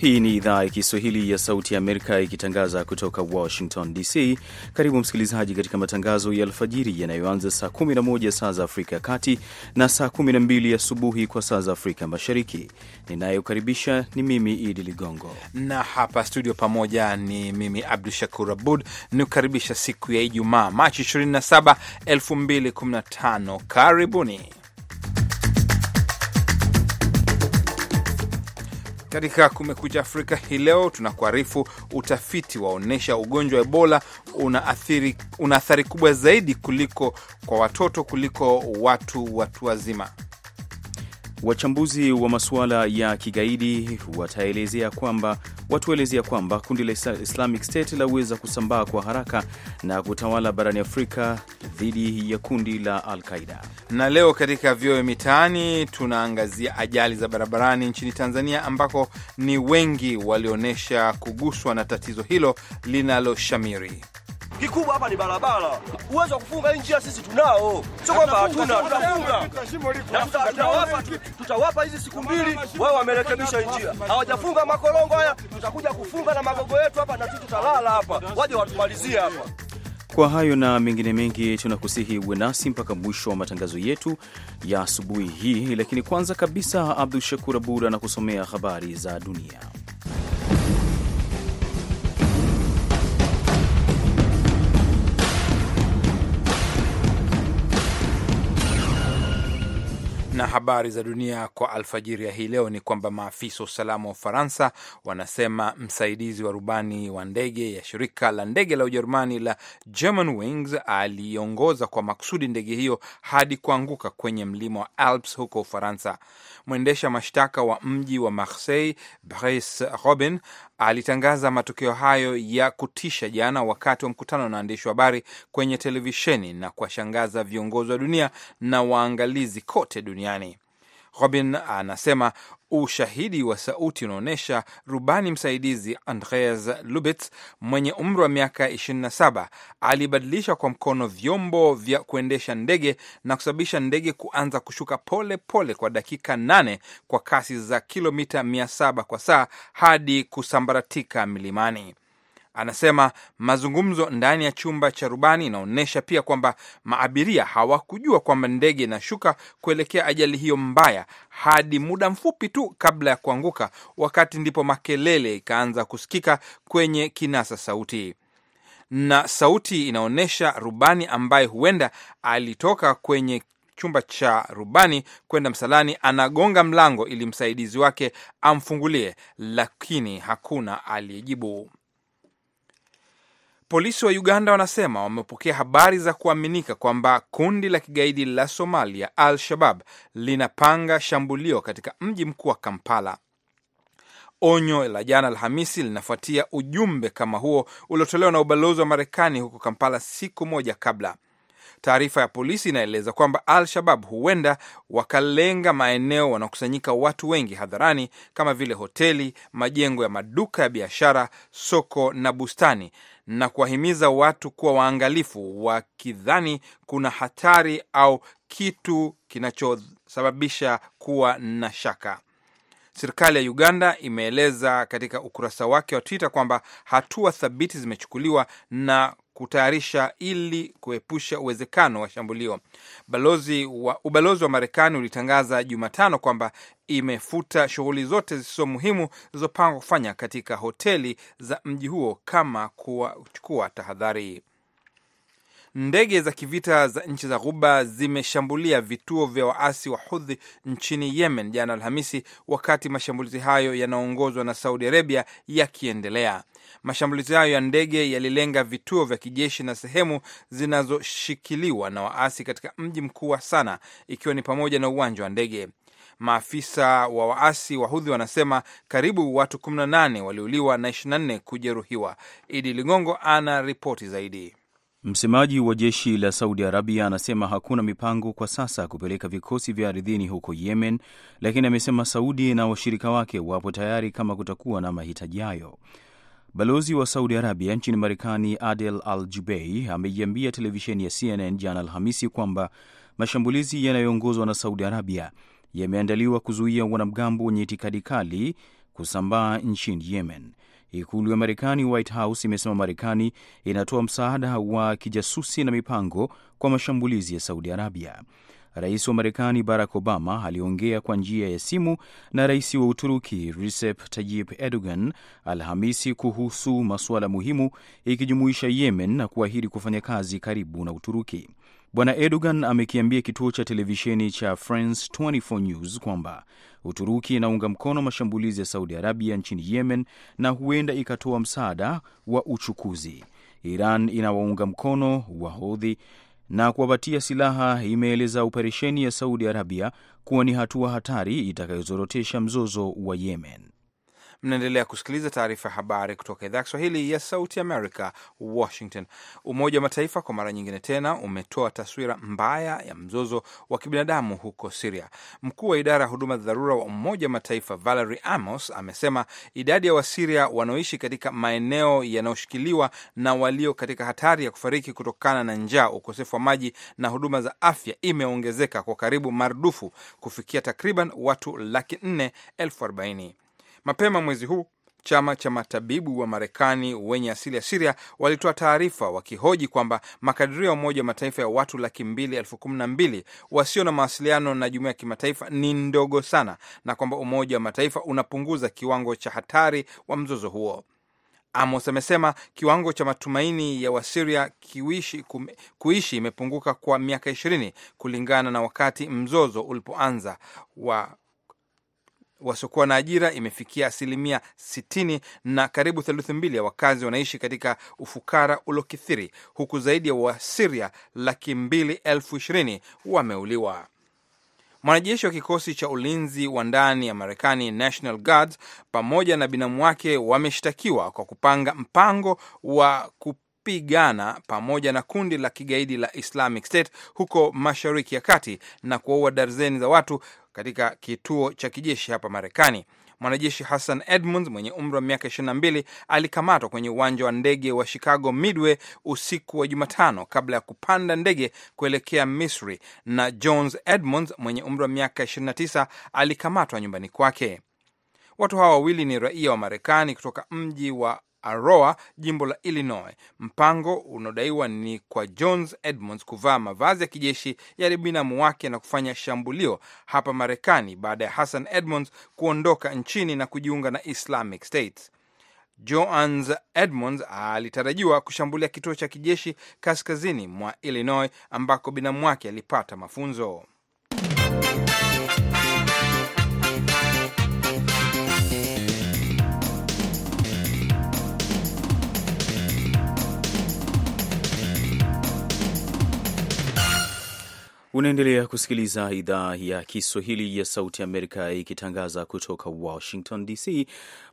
Hii ni idhaa ya Kiswahili ya Sauti ya Amerika ikitangaza kutoka Washington DC. Karibu msikilizaji, katika matangazo ya alfajiri yanayoanza saa 11 saa za Afrika ya Kati na saa 12 asubuhi kwa saa za Afrika Mashariki. Ninayokaribisha ni mimi Idi Ligongo na hapa studio pamoja ni mimi Abdu Shakur Abud nikukaribisha siku ya Ijumaa, Machi 27, 2015. Karibuni. Katika Kumekucha Afrika hii leo tunakuarifu, utafiti waonyesha ugonjwa wa Ebola una athari kubwa zaidi kuliko kwa watoto kuliko watu watu wazima. Wachambuzi wa masuala ya kigaidi wataelezea kwamba watuelezea kwamba kundi la Islamic State laweza kusambaa kwa haraka na kutawala barani Afrika dhidi ya kundi la Al Qaida. Na leo katika vyoe mitaani tunaangazia ajali za barabarani nchini Tanzania, ambako ni wengi walionyesha kuguswa na tatizo hilo linaloshamiri. Kikubwa hapa ni barabara. Uwezo wa kufunga hii njia sisi tunao, sio kwamba hatuna. Tunafunga na tutawapa hizi siku mbili, wao wamerekebisha hii njia. Hawajafunga makorongo haya, tutakuja kufunga na magogo yetu hapa, na sisi tutalala hapa, waje watumalizie hapa. Kwa hayo na mengine mengi, tunakusihi uwe nasi mpaka mwisho wa matangazo yetu ya asubuhi hii, lakini kwanza kabisa, Abdu Shakur Abud anakusomea habari za dunia. Na habari za dunia kwa alfajiri ya hii leo ni kwamba maafisa wa usalama wa Ufaransa wanasema msaidizi wa rubani wa ndege ya shirika la ndege la Ujerumani la Wings aliongoza kwa makusudi ndege hiyo hadi kuanguka kwenye mlima wa Alps huko Ufaransa. Mwendesha mashtaka wa mji wa Marseille Brice Robin alitangaza matokeo hayo ya kutisha jana wakati wa mkutano na waandishi wa habari kwenye televisheni na kuwashangaza viongozi wa dunia na waangalizi kote duniani. Robin anasema ushahidi wa sauti unaonyesha rubani msaidizi Andreas Lubitz mwenye umri wa miaka 27 alibadilisha kwa mkono vyombo vya kuendesha ndege na kusababisha ndege kuanza kushuka pole pole kwa dakika nane kwa kasi za kilomita 700 kwa saa hadi kusambaratika milimani. Anasema mazungumzo ndani ya chumba cha rubani inaonyesha pia kwamba maabiria hawakujua kwamba ndege inashuka kuelekea ajali hiyo mbaya hadi muda mfupi tu kabla ya kuanguka, wakati ndipo makelele ikaanza kusikika kwenye kinasa sauti na sauti inaonyesha rubani ambaye huenda alitoka kwenye chumba cha rubani kwenda msalani, anagonga mlango ili msaidizi wake amfungulie, lakini hakuna aliyejibu. Polisi wa Uganda wanasema wamepokea habari za kuaminika kwamba kundi la kigaidi la Somalia Al-Shabab linapanga shambulio katika mji mkuu wa Kampala. Onyo la jana Alhamisi linafuatia ujumbe kama huo uliotolewa na ubalozi wa Marekani huko Kampala siku moja kabla. Taarifa ya polisi inaeleza kwamba Al-Shabab huenda wakalenga maeneo wanaokusanyika watu wengi hadharani kama vile hoteli, majengo ya maduka ya biashara, soko na bustani na kuwahimiza watu kuwa waangalifu wakidhani kuna hatari au kitu kinachosababisha kuwa na shaka. Serikali ya Uganda imeeleza katika ukurasa wake wa Twitter kwamba hatua thabiti zimechukuliwa na kutayarisha ili kuepusha uwezekano wa shambulio. Balozi wa, ubalozi wa Marekani ulitangaza Jumatano kwamba imefuta shughuli zote zisizo muhimu zilizopangwa kufanya katika hoteli za mji huo kama kuwachukua tahadhari. Ndege za kivita za nchi za Ghuba zimeshambulia vituo vya waasi wa Hudhi nchini Yemen jana Alhamisi, wakati mashambulizi hayo yanaongozwa na Saudi Arabia yakiendelea. Mashambulizi hayo ya ndege yalilenga vituo vya kijeshi na sehemu zinazoshikiliwa na waasi katika mji mkuu wa Sana, ikiwa ni pamoja na uwanja wa ndege. Maafisa wa waasi wa hudhi wanasema karibu watu 18 waliuliwa na 24 kujeruhiwa. Idi Ligongo ana ripoti zaidi. Msemaji wa jeshi la Saudi Arabia anasema hakuna mipango kwa sasa kupeleka vikosi vya ardhini huko Yemen, lakini amesema Saudi na washirika wake wapo tayari kama kutakuwa na mahitaji hayo. Balozi wa Saudi Arabia nchini Marekani Adel Al Jubei ameiambia televisheni ya CNN jana Alhamisi kwamba mashambulizi yanayoongozwa na Saudi Arabia yameandaliwa kuzuia wanamgambo wenye itikadi kali kusambaa nchini Yemen. Ikulu ya Marekani, White House, imesema Marekani inatoa msaada wa kijasusi na mipango kwa mashambulizi ya Saudi Arabia. Rais wa Marekani Barack Obama aliongea kwa njia ya simu na rais wa Uturuki Recep Tayyip Erdogan Alhamisi kuhusu masuala muhimu ikijumuisha Yemen na kuahidi kufanya kazi karibu na Uturuki. Bwana Erdogan amekiambia kituo cha televisheni cha France 24 News kwamba Uturuki inaunga mkono mashambulizi ya Saudi Arabia nchini Yemen na huenda ikatoa msaada wa uchukuzi. Iran inawaunga mkono Wahodhi na kuwapatia silaha imeeleza operesheni ya Saudi Arabia kuwa ni hatua hatari itakayozorotesha mzozo wa Yemen. Mnaendelea kusikiliza taarifa ya habari kutoka idhaa ya Kiswahili ya Sauti America, Washington. Umoja wa Mataifa kwa mara nyingine tena umetoa taswira mbaya ya mzozo wa kibinadamu huko Siria. Mkuu wa idara ya huduma za dharura wa Umoja wa Mataifa Valerie Amos amesema idadi ya Wasiria wanaoishi katika maeneo yanayoshikiliwa na walio katika hatari ya kufariki kutokana na njaa, ukosefu wa maji na huduma za afya imeongezeka kwa karibu marudufu kufikia takriban watu laki nne elfu arobaini. Mapema mwezi huu chama cha matabibu wa Marekani wenye asili ya Siria walitoa taarifa wakihoji kwamba makadirio ya Umoja wa Mataifa ya watu laki mbili elfu kumi na mbili wasio na mawasiliano na jumuiya ya kimataifa ni ndogo sana na kwamba Umoja wa Mataifa unapunguza kiwango cha hatari wa mzozo huo. Amos amesema kiwango cha matumaini ya Wasiria kuishi imepunguka kwa miaka ishirini kulingana na wakati mzozo ulipoanza wa wasiokuwa na ajira imefikia asilimia 60 na karibu theluthi mbili ya wakazi wanaishi katika ufukara uliokithiri, huku zaidi ya Wasiria laki mbili elfu ishirini wameuliwa. Mwanajeshi wa kikosi cha ulinzi wa ndani ya Marekani, National Guards, pamoja na binamu wake wameshtakiwa kwa kupanga mpango wa kup kupigana pamoja na kundi la kigaidi la Islamic State huko Mashariki ya Kati na kuwaua darzeni za watu katika kituo cha kijeshi hapa Marekani. Mwanajeshi Hassan Edmonds mwenye umri wa miaka 22 alikamatwa kwenye uwanja wa ndege wa Chicago Midway usiku wa Jumatano kabla ya kupanda ndege kuelekea Misri, na Jones Edmonds mwenye umri wa miaka 29 alikamatwa nyumbani kwake. Watu hawa wawili ni raia wa Marekani kutoka mji wa Aroa, jimbo la Illinois. Mpango unaodaiwa ni kwa Jones Edmonds kuvaa mavazi ya kijeshi ya binamu wake na kufanya shambulio hapa Marekani baada ya Hassan Edmonds kuondoka nchini na kujiunga na Islamic State. Joans Edmonds alitarajiwa kushambulia kituo cha kijeshi kaskazini mwa Illinois ambako binamu wake alipata mafunzo. Unaendelea kusikiliza idhaa ya Kiswahili ya Sauti Amerika ikitangaza kutoka Washington DC.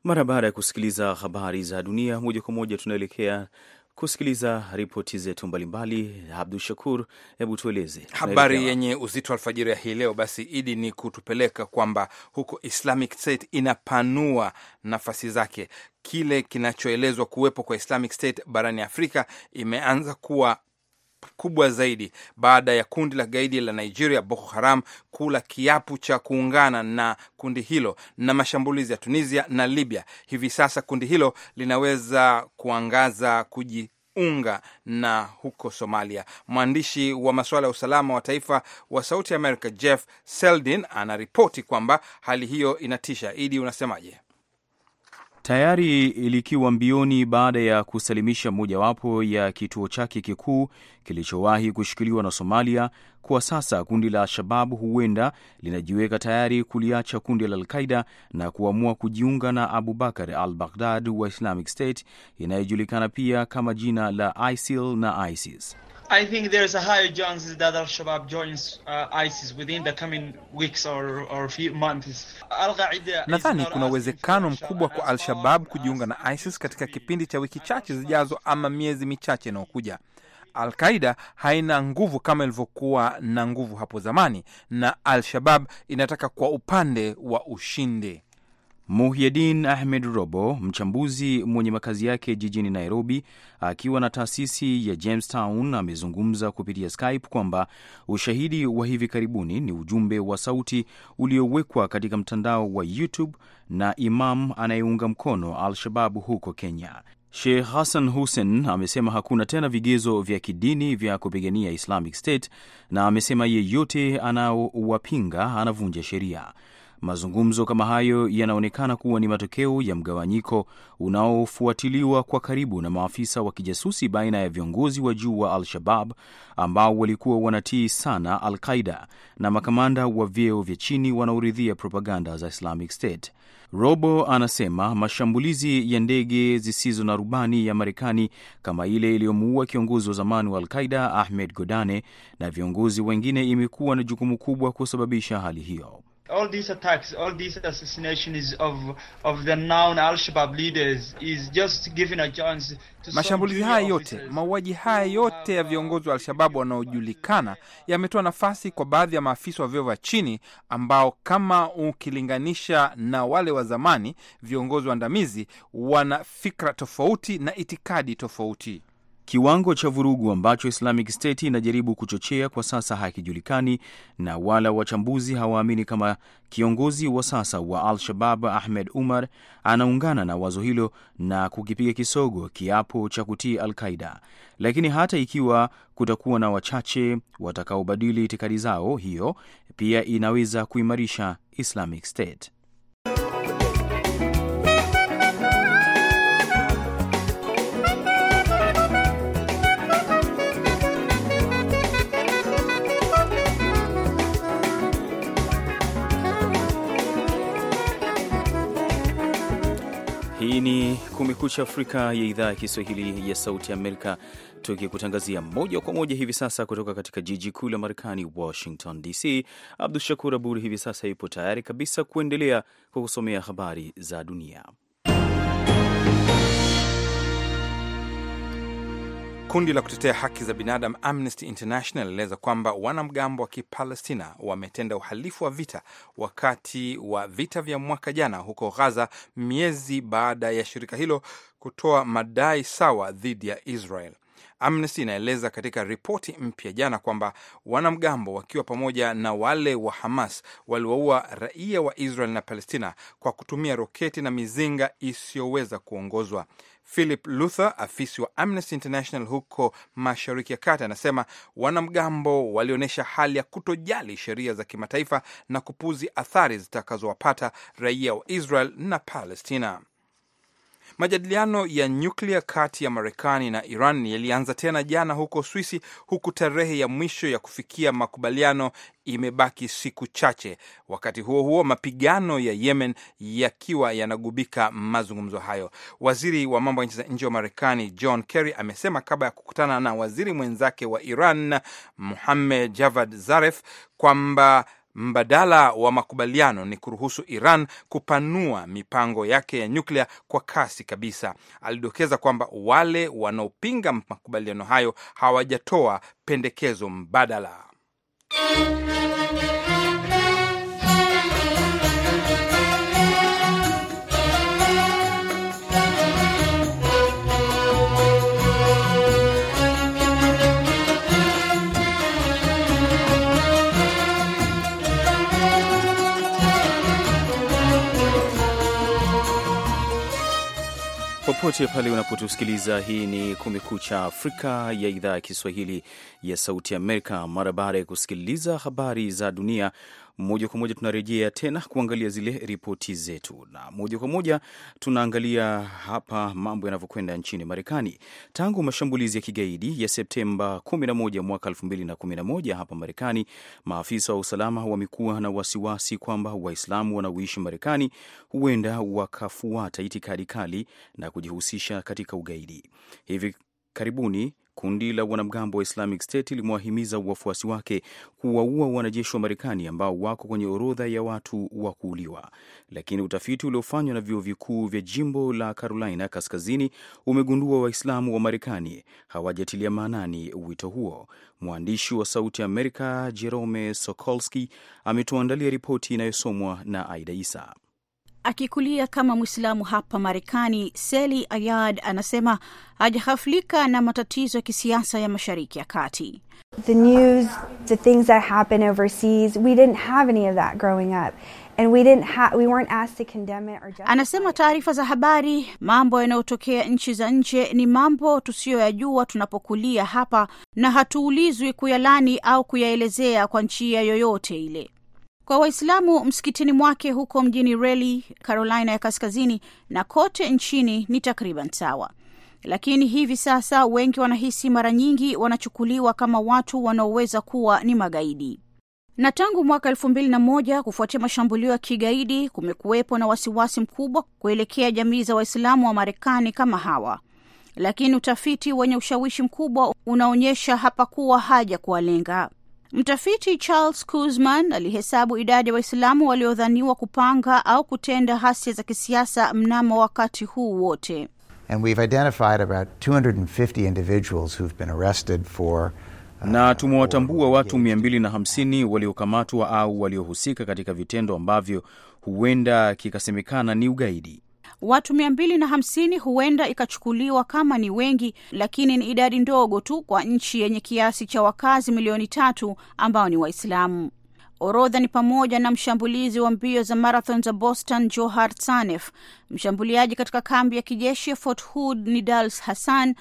Mara baada ya kusikiliza habari za dunia moja kwa moja, tunaelekea kusikiliza ripoti zetu mbalimbali. Abdu Shakur, hebu tueleze habari yenye uzito wa alfajiri ya hii leo. Basi Idi, ni kutupeleka kwamba huko Islamic State inapanua nafasi zake. Kile kinachoelezwa kuwepo kwa Islamic State barani Afrika imeanza kuwa kubwa zaidi baada ya kundi la gaidi la Nigeria Boko Haram kula kiapu cha kuungana na kundi hilo na mashambulizi ya Tunisia na Libya. Hivi sasa kundi hilo linaweza kuangaza kuji unga na huko Somalia. Mwandishi wa masuala ya usalama wa taifa wa Sauti ya Amerika Jeff Seldin anaripoti kwamba hali hiyo inatisha. Idi, unasemaje? tayari likiwa mbioni baada ya kusalimisha mojawapo ya kituo chake kikuu kilichowahi kushikiliwa na Somalia. Kwa sasa kundi la Al-Shabaab huenda linajiweka tayari kuliacha kundi la Al-Qaida na kuamua kujiunga na abubakar al-Baghdad wa Islamic State inayojulikana pia kama jina la ISIL na ISIS. I think there's a higher chance that Al Shabaab joins uh, ISIS within the coming weeks or, or few months. Nadhani kuna uwezekano mkubwa kwa Al Shabaab kujiunga na ISIS katika kipindi cha wiki chache zijazo ama miezi michache inayokuja. Al Qaida haina nguvu kama ilivyokuwa na nguvu hapo zamani, na Al Shabab inataka kwa upande wa ushindi. Muhyedin Ahmed Robo, mchambuzi mwenye makazi yake jijini Nairobi, akiwa na taasisi ya Jamestown, amezungumza kupitia Skype kwamba ushahidi wa hivi karibuni ni ujumbe wa sauti uliowekwa katika mtandao wa YouTube na imam anayeunga mkono al shababu huko Kenya. Sheikh Hassan Hussein amesema hakuna tena vigezo vya kidini vya kupigania Islamic State na amesema yeyote anaowapinga anavunja sheria. Mazungumzo kama hayo yanaonekana kuwa ni matokeo ya mgawanyiko unaofuatiliwa kwa karibu na maafisa wa kijasusi baina ya viongozi wa juu wa Al-Shabab ambao walikuwa wanatii sana Al-Qaida na makamanda wa vyeo vya chini wanaoridhia propaganda za Islamic State. Robo anasema mashambulizi ya ndege zisizo na rubani ya Marekani kama ile iliyomuua kiongozi wa zamani wa Al-Qaida Ahmed Godane na viongozi wengine imekuwa na jukumu kubwa kusababisha hali hiyo all these attacks, all these assassinations of, of the known Al-Shabaab leaders is just giving a chance to mashambulizi haya yote, mauaji haya yote ya viongozi wa Al-Shabaab wanaojulikana yametoa nafasi kwa baadhi ya maafisa wa vyeo vya chini ambao kama ukilinganisha na wale wa zamani viongozi waandamizi wana fikra tofauti na itikadi tofauti. Kiwango cha vurugu ambacho Islamic State inajaribu kuchochea kwa sasa hakijulikani na wala wachambuzi hawaamini kama kiongozi wa sasa wa Al-Shabab Ahmed Umar anaungana na wazo hilo na kukipiga kisogo kiapo cha kutii Al-Qaida. Lakini hata ikiwa kutakuwa na wachache watakaobadili itikadi zao, hiyo pia inaweza kuimarisha Islamic State. Hii ni Kumekucha Afrika ya idhaa ya Kiswahili ya Sauti Amerika, tukikutangazia moja kwa moja hivi sasa kutoka katika jiji kuu la Marekani, Washington DC. Abdu Shakur Abud hivi sasa yupo tayari kabisa kuendelea kwa kusomea habari za dunia. Kundi la kutetea haki za binadamu Amnesty International linaeleza kwamba wanamgambo wa Kipalestina wametenda uhalifu wa vita wakati wa vita vya mwaka jana huko Gaza, miezi baada ya shirika hilo kutoa madai sawa dhidi ya Israel. Amnesty inaeleza katika ripoti mpya jana kwamba wanamgambo wakiwa pamoja na wale wa Hamas waliwaua raia wa Israel na Palestina kwa kutumia roketi na mizinga isiyoweza kuongozwa. Philip Luther, afisi wa Amnesty International huko Mashariki ya Kati, anasema wanamgambo walionyesha hali ya kutojali sheria za kimataifa na kupuzi athari zitakazowapata raia wa Israel na Palestina. Majadiliano ya nyuklia kati ya Marekani na Iran yalianza tena jana huko Swisi, huku tarehe ya mwisho ya kufikia makubaliano imebaki siku chache. Wakati huo huo, mapigano ya Yemen yakiwa yanagubika mazungumzo hayo. Waziri wa mambo ya nchi za nje wa Marekani John Kerry amesema kabla ya kukutana na waziri mwenzake wa Iran muhamed Javad Zarif kwamba Mbadala wa makubaliano ni kuruhusu Iran kupanua mipango yake ya nyuklia kwa kasi kabisa. Alidokeza kwamba wale wanaopinga makubaliano hayo hawajatoa pendekezo mbadala. popote pale unapotusikiliza. Hii ni Kumekucha Afrika ya idhaa ya Kiswahili ya Sauti Amerika. Mara baada ya kusikiliza habari za dunia, moja kwa moja tunarejea tena kuangalia zile ripoti zetu, na moja kwa moja tunaangalia hapa mambo yanavyokwenda nchini Marekani. Tangu mashambulizi ya kigaidi ya Septemba 11 mwaka 2011 hapa Marekani, maafisa wa usalama wamekuwa na wasiwasi kwamba Waislamu wanaoishi Marekani huenda wakafuata itikadi kali na kujihusisha katika ugaidi. Hivi karibuni Kundi la wanamgambo wa Islamic State limewahimiza wafuasi wake kuwaua wanajeshi wa Marekani ambao wako kwenye orodha ya watu wa kuuliwa, lakini utafiti uliofanywa na vyuo vikuu vya jimbo la Carolina Kaskazini umegundua Waislamu wa Marekani hawajatilia maanani wito huo. Mwandishi wa Sauti Amerika Jerome Sokolski ametuandalia ripoti inayosomwa na Aida Isa. Akikulia kama Mwislamu hapa Marekani, Seli Ayad anasema hajahafulika na matatizo ya kisiasa ya Mashariki ya Kati. The news, the things that happen overseas, we didn't have any of that growing up. And we didn't ha we weren't asked to condemn it or justify. Anasema taarifa za habari, mambo yanayotokea nchi za nje ni mambo tusiyoyajua tunapokulia hapa, na hatuulizwi kuyalani au kuyaelezea kwa njia yoyote ile kwa Waislamu msikitini mwake huko mjini reli Carolina ya Kaskazini, na kote nchini ni takriban sawa, lakini hivi sasa wengi wanahisi mara nyingi wanachukuliwa kama watu wanaoweza kuwa ni magaidi na tangu mwaka elfu mbili na moja kufuatia mashambulio ya kigaidi kumekuwepo na wasiwasi mkubwa kuelekea jamii za Waislamu wa Marekani kama hawa, lakini utafiti wenye ushawishi mkubwa unaonyesha hapakuwa haja kuwalenga. Mtafiti Charles Kuzman alihesabu idadi ya wa Waislamu waliodhaniwa kupanga au kutenda hasia za kisiasa mnamo wakati huu wote. And we've identified about 250 individuals who've been arrested for uh, na tumewatambua watu 250 waliokamatwa au waliohusika katika vitendo ambavyo huenda kikasemekana ni ugaidi. Watu mia mbili na hamsini huenda ikachukuliwa kama ni wengi, lakini ni idadi ndogo tu kwa nchi yenye kiasi cha wakazi milioni tatu ambao ni Waislamu. Orodha ni pamoja na mshambulizi wa mbio za marathon za Boston Johar sanef mshambuliaji katika kambi ya kijeshi ya Fort Hood Nidals Hassan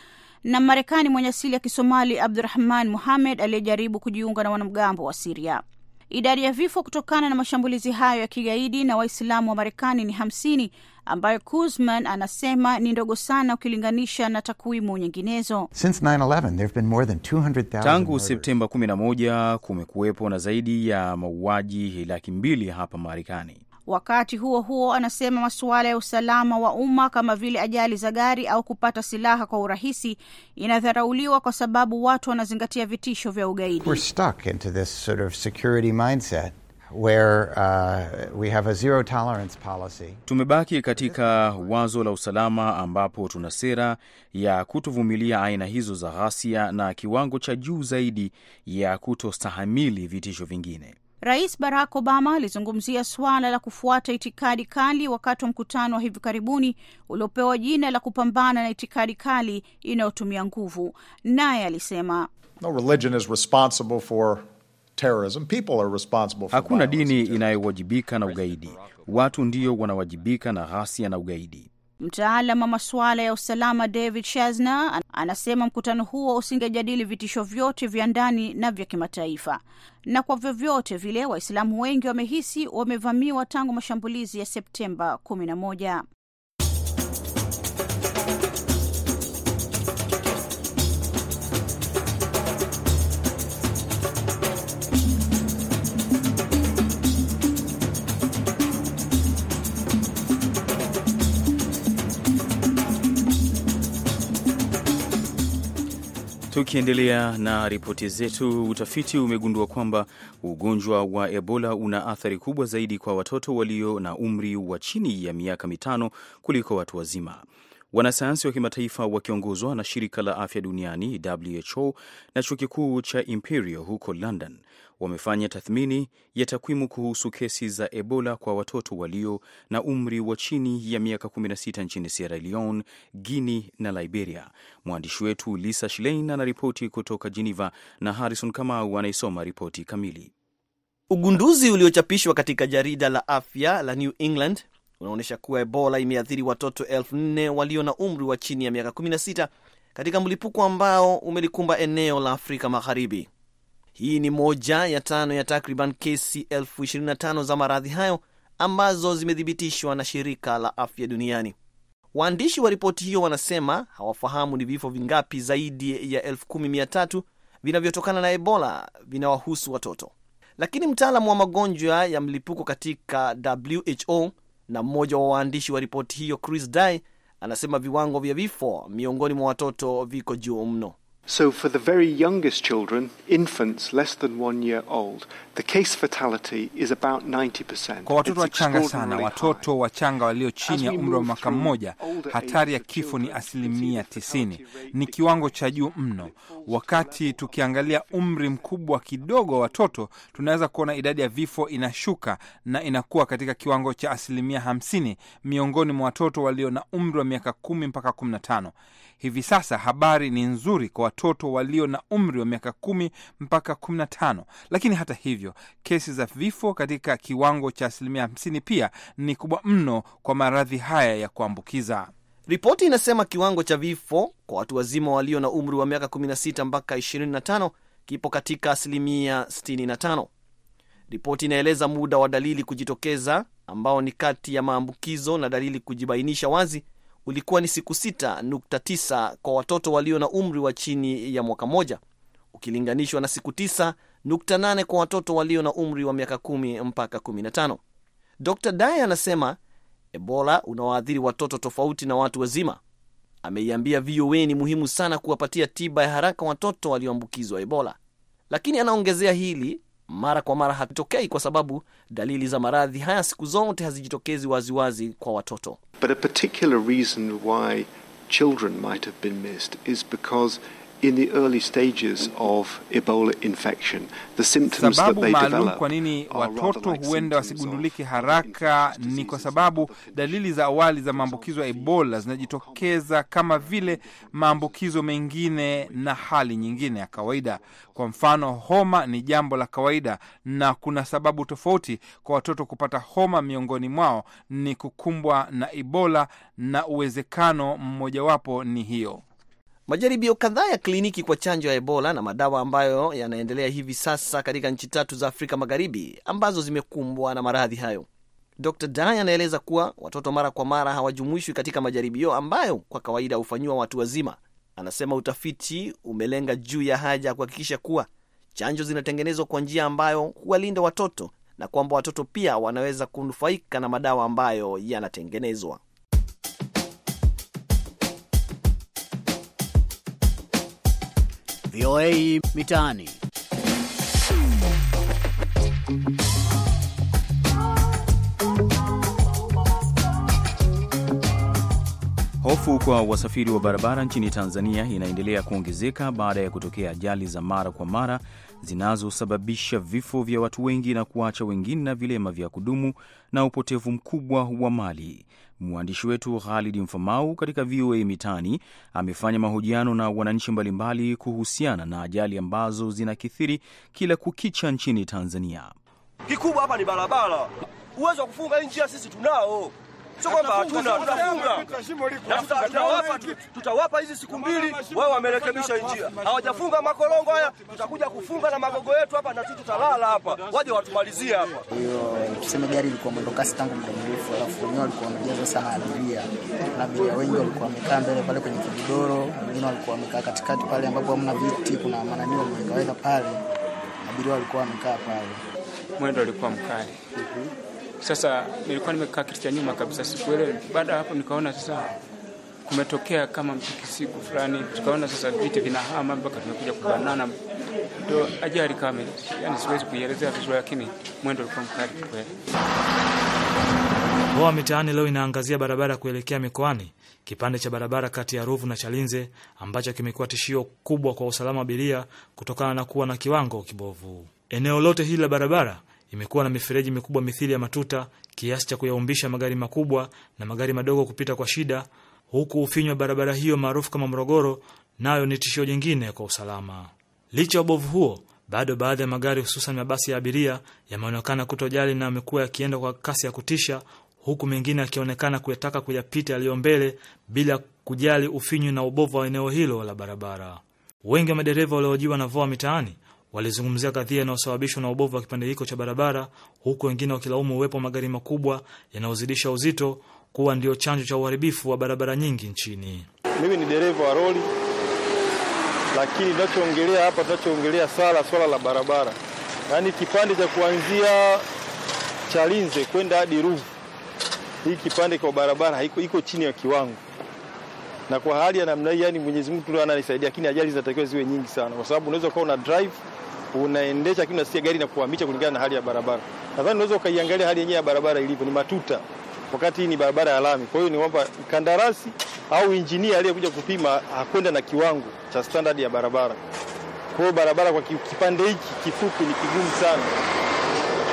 na Marekani mwenye asili ya Kisomali Abdurahman Muhamed aliyejaribu kujiunga na wanamgambo wa Siria. Idadi ya vifo kutokana na mashambulizi hayo ya kigaidi na Waislamu wa Marekani ni hamsini ambayo Kuzman anasema ni ndogo sana ukilinganisha na takwimu nyinginezo. Tangu Septemba 11 kumekuwepo na zaidi ya mauaji laki mbili hapa Marekani. Wakati huo huo, anasema masuala ya usalama wa umma kama vile ajali za gari au kupata silaha kwa urahisi inadharauliwa kwa sababu watu wanazingatia vitisho vya ugaidi. We're stuck into this sort of security mindset. Where, uh, we have a zero tolerance policy. Tumebaki katika wazo la usalama ambapo tuna sera ya kutovumilia aina hizo za ghasia na kiwango cha juu zaidi ya kutostahamili vitisho vingine. Rais Barack Obama alizungumzia suala la kufuata itikadi kali wakati wa mkutano wa hivi karibuni uliopewa jina la kupambana na itikadi kali inayotumia nguvu. Naye alisema, No religion is responsible for hakuna dini inayowajibika na ugaidi, watu ndio wanawajibika na ghasia na ugaidi. Mtaalam wa masuala ya usalama David Shazna anasema mkutano huo usingejadili vitisho vyote vya ndani na vya kimataifa, na kwa vyovyote vile Waislamu wengi wamehisi wamevamiwa tangu mashambulizi ya Septemba 11. Tukiendelea na ripoti zetu, utafiti umegundua kwamba ugonjwa wa Ebola una athari kubwa zaidi kwa watoto walio na umri wa chini ya miaka mitano kuliko watu wazima. Wanasayansi wa kimataifa wakiongozwa na shirika la afya duniani WHO na chuo kikuu cha Imperial huko London wamefanya tathmini ya takwimu kuhusu kesi za Ebola kwa watoto walio na umri wa chini ya miaka 16 nchini Sierra Leone, Guinea na Liberia. Mwandishi wetu Lisa Shlein anaripoti kutoka Geneva na Harrison Kamau anaisoma ripoti kamili. Ugunduzi uliochapishwa katika jarida la afya la New England unaonyesha kuwa Ebola imeathiri watoto elfu nne walio na umri wa chini ya miaka 16 katika mlipuko ambao umelikumba eneo la Afrika Magharibi. Hii ni moja ya tano ya takriban kesi elfu 25 za maradhi hayo ambazo zimethibitishwa na shirika la afya duniani. Waandishi wa ripoti hiyo wanasema hawafahamu ni vifo vingapi zaidi ya elfu kumi mia tatu vinavyotokana na Ebola vinawahusu watoto, lakini mtaalamu wa magonjwa ya mlipuko katika WHO na mmoja wa waandishi wa ripoti hiyo Chris Dye anasema viwango vya vifo miongoni mwa watoto viko juu mno. So, for the very youngest children, infants less than one year old, the case fatality is about 90%. Kwa watoto wachanga sana, watoto wachanga walio chini ya umri wa mwaka mmoja, hatari ya kifo ni asilimia 90. Ni kiwango cha juu mno. Wakati tukiangalia umri mkubwa kidogo wa watoto, tunaweza kuona idadi ya vifo inashuka na inakuwa katika kiwango cha asilimia 50 miongoni mwa watoto walio na umri wa miaka 10 mpaka 15. Hivi sasa habari ni nzuri kwa watoto walio na umri wa miaka kumi mpaka kumi na tano, lakini hata hivyo kesi za vifo katika kiwango cha asilimia hamsini pia ni kubwa mno kwa maradhi haya ya kuambukiza. Ripoti inasema kiwango cha vifo kwa watu wazima walio na umri wa miaka 16 mpaka 25 kipo katika asilimia 65. Ripoti inaeleza muda wa dalili kujitokeza ambao ni kati ya maambukizo na dalili kujibainisha wazi ulikuwa ni siku 6.9 kwa watoto walio na umri wa chini ya mwaka moja ukilinganishwa na siku 9.8 kwa watoto walio na umri wa miaka 10 mpaka 15. Dr dae anasema Ebola unawaathiri watoto tofauti na watu wazima. Ameiambia VOA ni muhimu sana kuwapatia tiba ya haraka watoto walioambukizwa Ebola, lakini anaongezea hili mara kwa mara hakitokei kwa sababu dalili za maradhi haya siku zote hazijitokezi waziwazi kwa watoto. But a particular reason why children might have been missed is because in the early stages of Ebola infection. The symptoms sababu that they develop kwa nini watoto like huenda wasigundulike haraka ni kwa sababu dalili za awali za maambukizo ya Ebola zinajitokeza kama vile maambukizo mengine na hali nyingine ya kawaida. Kwa mfano, homa ni jambo la kawaida, na kuna sababu tofauti kwa watoto kupata homa. Miongoni mwao ni kukumbwa na Ebola, na uwezekano mmojawapo ni hiyo. Majaribio kadhaa ya kliniki kwa chanjo ya Ebola na madawa ambayo yanaendelea hivi sasa katika nchi tatu za Afrika Magharibi ambazo zimekumbwa na maradhi hayo. Dr Day anaeleza kuwa watoto mara kwa mara hawajumuishwi katika majaribio ambayo kwa kawaida hufanyiwa watu wazima. Anasema utafiti umelenga juu ya haja ya kuhakikisha kuwa chanjo zinatengenezwa kwa njia ambayo huwalinda watoto na kwamba watoto pia wanaweza kunufaika na madawa ambayo yanatengenezwa. VOA Mitaani. Hofu kwa wasafiri wa barabara nchini Tanzania inaendelea kuongezeka baada ya kutokea ajali za mara kwa mara zinazosababisha vifo vya watu wengi na kuacha wengine na vilema vya kudumu na upotevu mkubwa wa mali. Mwandishi wetu Khalid Mfamau katika VOA Mitani amefanya mahojiano na wananchi mbalimbali kuhusiana na ajali ambazo zinakithiri kila kukicha nchini Tanzania. Kikubwa hapa ni barabara, uwezo wa kufunga hii njia sisi tunao, Sio kwamba hatuna, na tutawapa hizi siku mbili, wao wamerekebisha njia. Hawajafunga makorongo haya, tutakuja kufunga na magogo yetu hapa, na sisi tutalala hapa, waje watumalizie hapa. Hiyo tuseme gari ilikuwa mwendokasi tangu muda mrefu, alafu wenyewe walikuwa wanajaza sana abiria, na abiria wengi walikuwa wamekaa mbele pale kwenye kidoro, wengine walikuwa wamekaa katikati pale ambapo hamna viti, kuna manani wamewekaweka pale, abiria walikuwa wamekaa pale, mwendo ulikuwa mkali. Mhm. Sasa nilikuwa nimekaa kitu cha nyuma kabisa, sikuelewi. Baada ya hapo, nikaona sasa kumetokea kama mtikisiko fulani, tukaona sasa viti vinahama mpaka tumekuja kubanana, ndo ajali kama. Yani siwezi kuielezea vizuri, lakini mwendo ulikuwa mkali kweli. VOA Mitaani leo inaangazia barabara kuelekea mikoani, kipande cha barabara kati ya Ruvu na Chalinze ambacho kimekuwa tishio kubwa kwa usalama wa abiria kutokana na kuwa na kiwango kibovu. Eneo lote hili la barabara imekuwa na mifereji mikubwa mithili ya matuta kiasi cha kuyaumbisha magari makubwa na magari madogo kupita kwa shida, huku ufinyu wa barabara hiyo maarufu kama Morogoro nayo ni tishio jingine kwa usalama. Licha ya ubovu huo, bado baadhi ya magari hususan mabasi ya abiria yameonekana kutojali na yamekuwa yakienda kwa kasi ya kutisha, huku mengine yakionekana kuyataka kuyapita yaliyo mbele bila kujali ufinyu na ubovu wa eneo hilo la barabara. Wengi wa madereva waliojiwa na VOA Mitaani Walizungumzia kadhia inayosababishwa na ubovu wa kipande cha barabara, huku wengine wakilaumu uwepo wa magari makubwa yanayozidisha uzito kuwa ndio chanzo cha uharibifu wa barabara nyingi nchini. Mimi ni dereva wa roli, lakini tunachoongelea hapa, tunachoongelea sala swala la barabara, yaani kipande cha kuanzia Chalinze kwenda hadi Ruvu, hii kipande kwa barabara iko, iko chini ya kiwango na kwa hali ya namna hii, yani Mwenyezi Mungu tu ananisaidia, lakini ajali zinatakiwa ziwe nyingi sana, kwa sababu unaweza kuwa una drive unaendesha lakini unasikia gari inakuhamisha kulingana na hali ya barabara. Nadhani unaweza ukaiangalia hali yenyewe ya barabara ilivyo, ni matuta, wakati hii ni barabara ya lami. Kwa hiyo ni kwamba kandarasi au injinia aliyekuja kupima hakwenda na kiwango cha standard ya barabara. Kwa hiyo barabara kwa kipande hiki kifupi ni kigumu sana.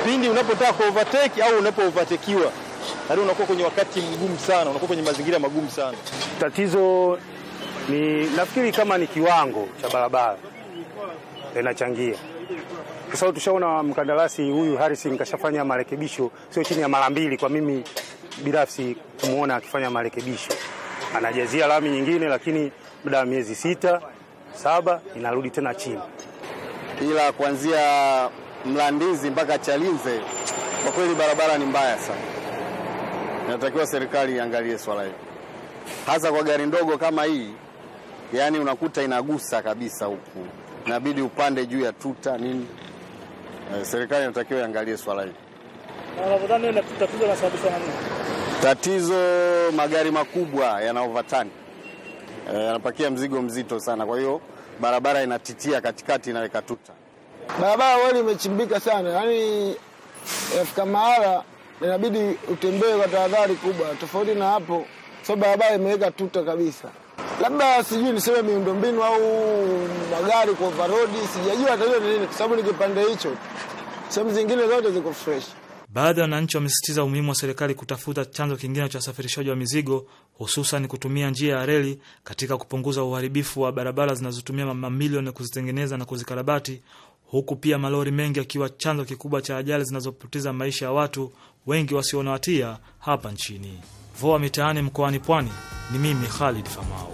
Pindi unapotaka kuovateki au unapo overtakiwa, hadi unakuwa kwenye wakati mgumu sana, unakuwa kwenye mazingira magumu sana. Tatizo ni nafikiri kama ni kiwango cha barabara inachangia kwa sababu tushaona mkandarasi huyu Harrison kashafanya marekebisho sio chini ya mara mbili, kwa mimi binafsi kumwona akifanya marekebisho. Anajazia lami nyingine, lakini baada ya miezi sita saba inarudi tena chini, ila kuanzia Mlandizi mpaka Chalinze kwa kweli barabara ni mbaya sana. Inatakiwa serikali iangalie swala hili, hasa kwa gari ndogo kama hii, yaani unakuta inagusa kabisa huku inabidi upande juu ya tuta nini. E, serikali inatakiwa iangalie swala hili. Tatizo magari makubwa yana overtake, eh, yanapakia mzigo mzito sana, kwa hiyo barabara inatitia katikati, inaweka tuta. Barabara weli imechimbika sana, yaani inafika mahala inabidi utembee kwa tahadhari kubwa. Tofauti na hapo, so barabara imeweka tuta kabisa labda sijui niseme miundombinu au magari kwa overload, sijajua tatizo ni nini, kwa sababu ni kipande hicho, sehemu zingine zote ziko fresh. Baadhi ya wananchi wamesisitiza umuhimu wa serikali kutafuta chanzo kingine cha usafirishaji wa mizigo hususan kutumia njia ya reli katika kupunguza uharibifu wa barabara zinazotumia mamilioni kuzitengeneza na kuzikarabati, huku pia malori mengi yakiwa chanzo kikubwa cha ajali zinazopoteza maisha ya watu wengi wasio na hatia hapa nchini. VOA Mitaani mkoani Pwani. Ni mimi Khalid Famau.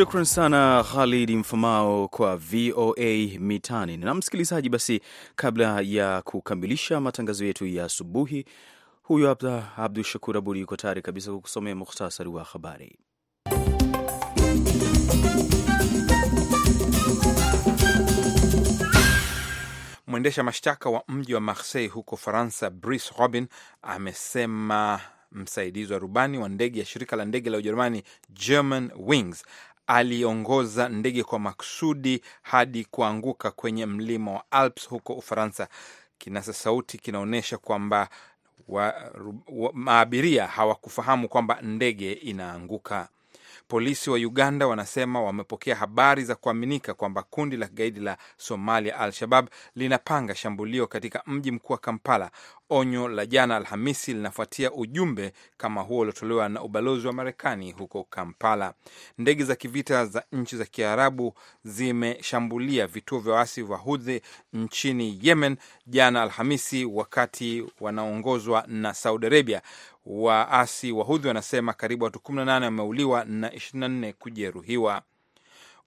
Shukran sana Khalid mfumao kwa VOA Mitani. Na msikilizaji, basi kabla ya kukamilisha matangazo yetu ya asubuhi, huyu hapa Abdu Shakur Abud yuko tayari kabisa kukusomea muhtasari wa habari. Mwendesha mashtaka wa mji wa Marseille huko Faransa, Brice Robin amesema msaidizi wa rubani wa ndege ya shirika la ndege la Ujerumani German Wings aliongoza ndege kwa makusudi hadi kuanguka kwenye mlima wa Alps huko Ufaransa. Kinasa sauti kinaonyesha kwamba maabiria hawakufahamu kwamba ndege inaanguka. Polisi wa Uganda wanasema wamepokea habari za kuaminika kwamba kundi la kigaidi la Somalia Al-Shabab linapanga shambulio katika mji mkuu wa Kampala. Onyo la jana Alhamisi linafuatia ujumbe kama huo uliotolewa na ubalozi wa Marekani huko Kampala. Ndege za kivita za nchi za Kiarabu zimeshambulia vituo vya waasi vya Hudhi nchini Yemen jana Alhamisi, wakati wanaongozwa na Saudi Arabia waasi wahudhi wanasema karibu watu 18 wameuliwa na 24 kujeruhiwa.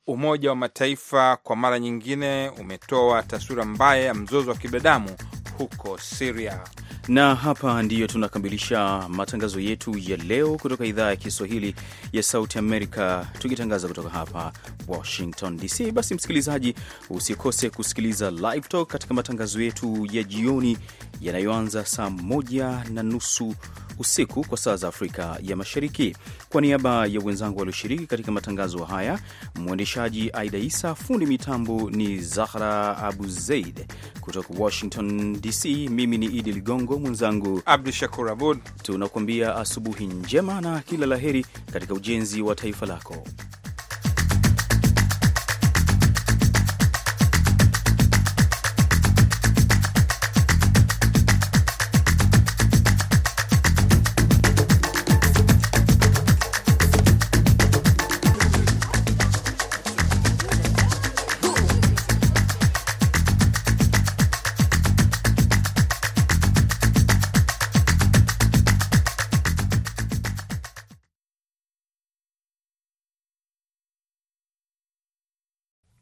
Umoja wa Mataifa kwa mara nyingine umetoa taswira mbaya ya mzozo wa kibinadamu huko Siria. Na hapa ndiyo tunakamilisha matangazo yetu ya leo kutoka idhaa ya Kiswahili ya Sauti Amerika, tukitangaza kutoka hapa Washington DC. Basi msikilizaji, usikose kusikiliza Live Talk katika matangazo yetu ya jioni yanayoanza saa moja na nusu usiku kwa saa za Afrika ya Mashariki. Kwa niaba ya wenzangu walioshiriki katika matangazo haya, mwendeshaji Aida Isa, fundi mitambo ni Zahra Abu Zeid kutoka Washington DC, mimi ni Idi Ligongo mwenzako mwenzangu Abdu Shakur Abud, tunakuambia asubuhi njema na kila laheri katika ujenzi wa taifa lako.